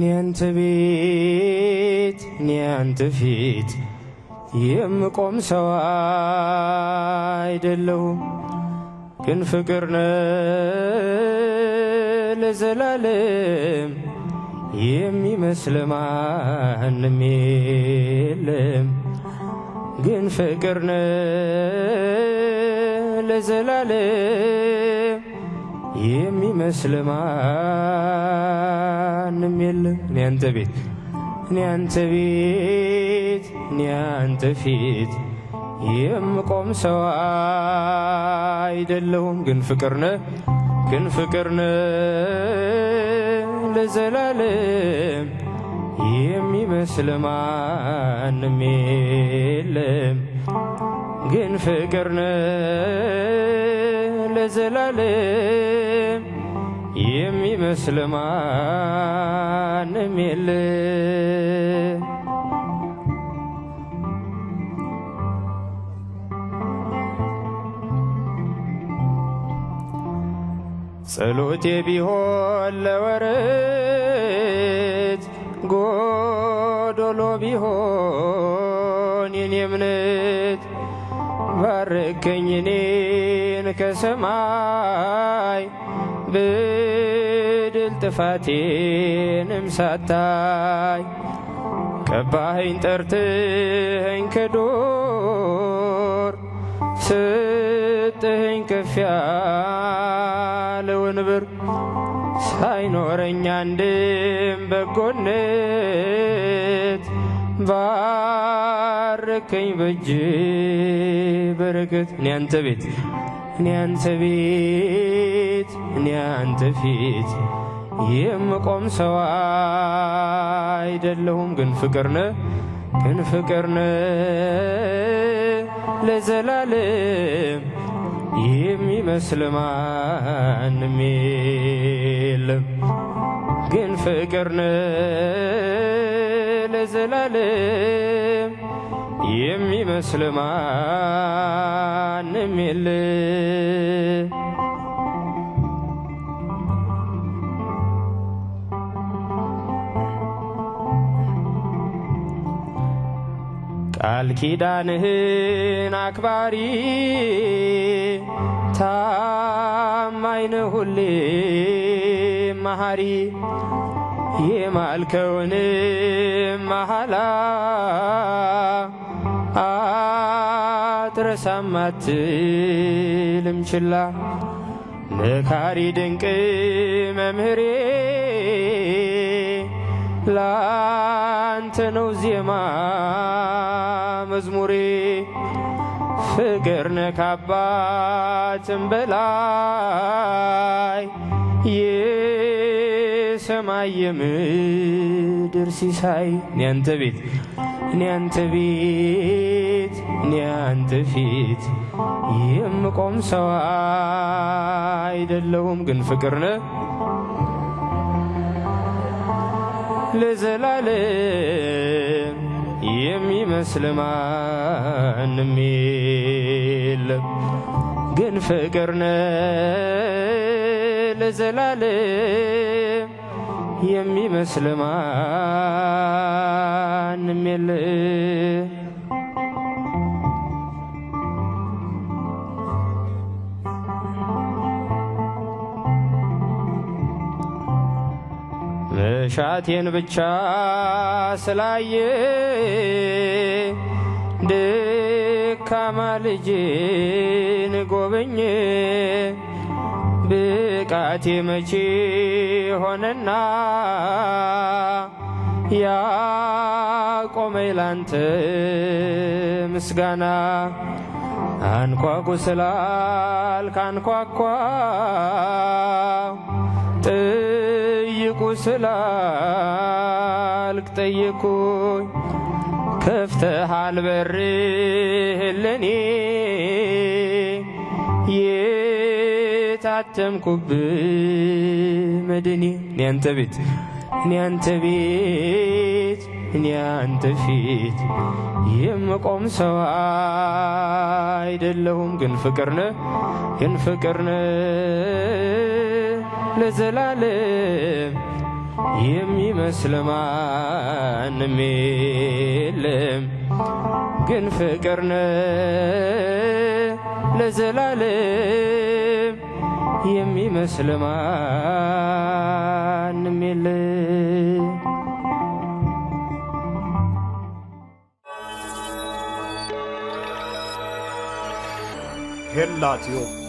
ኒያንተ ቤት ኒያንተ ፊት የምቆም ሰው አይደለሁም፣ ግን ፍቅር ነ ለዘላለም የሚመስል ማንም የለም፣ ግን ነ ለዘላለም የሚመስል ማንም የለም። እኔ አንተ ቤት እኔ አንተ ቤት እኔ አንተ ፊት የምቆም ሰው አይደለሁም። ግን ፍቅርነ ግን ፍቅርነ ለዘላለም የሚመስል ማንም የለም። ግን ፍቅርነ ለዘላለም የሚመስል ማንም የለ። ጸሎቴ ቢሆን ለወረት ጎዶሎ ቢሆን የኔ እምነት ባርከኝ እኔን ከሰማይ ብድል ጥፋቴንም ሳታይ ቀባኸኝ ጠርትኸኝ ከዶር ስጥኸኝ ከፍ ያለ ወንበር ሳይኖረኝ አንድም በጎነት ባርከኝ በእጅ በረከት እኔ አንተ ቤት እኔ አንተ ቤት እኔ አንተ ፊት የምቆም ሰው አይደለሁም፣ ግን ፍቅርነ ግን ፍቅርነ ለዘላለም የሚመስል ማንም የለም ግን ፍቅርነ ለዘላለም የሚመስል ማንም የለ። ቃል ኪዳንህን አክባሪ ታማኝ ነህ ሁሌ መሐሪ የማልከውን መሐላ አትረሳማት ልምችላ ችላ መካሪ ድንቅ መምህሬ ላንተ ነው ዜማ መዝሙሬ ፍቅር ነካባትን በላይ የሰማይ የምድር ሲሳይ እኔ አንተ ቤት እኔ አንተ ቤት እኔ አንተ ፊት የምቆም ሰው አይደለሁም፣ ግን ፍቅር ነህ ለዘላለም የሚመስል ማንም የለም፣ ግን ፍቅር ነህ ለዘላለም የሚመስል ማንም የለ። መሻቴን ብቻ ስላየ ድካማ ልጄን ጎበኘ ብቃቴ መቼ ሆነና ያቆመ ላንተ ምስጋና አንኳኩ ስላልክ አንኳኳ ጠይቁ ስላልክ ጠየኩኝ ከፍተሃል በርህልኔ አተምኩብ መድኒ እኔ አንተ ቤት እኔ አንተ ቤት እኔ አንተ ፊት የምቆም ሰው አይደለሁም፣ ግን ፍቅርነ ግን ፍቅርነ ለዘላለም የሚመስል ማንም የለም፣ ግን ፍቅርነ ለዘላለም የሚመስል ማንም የለ። ሄላ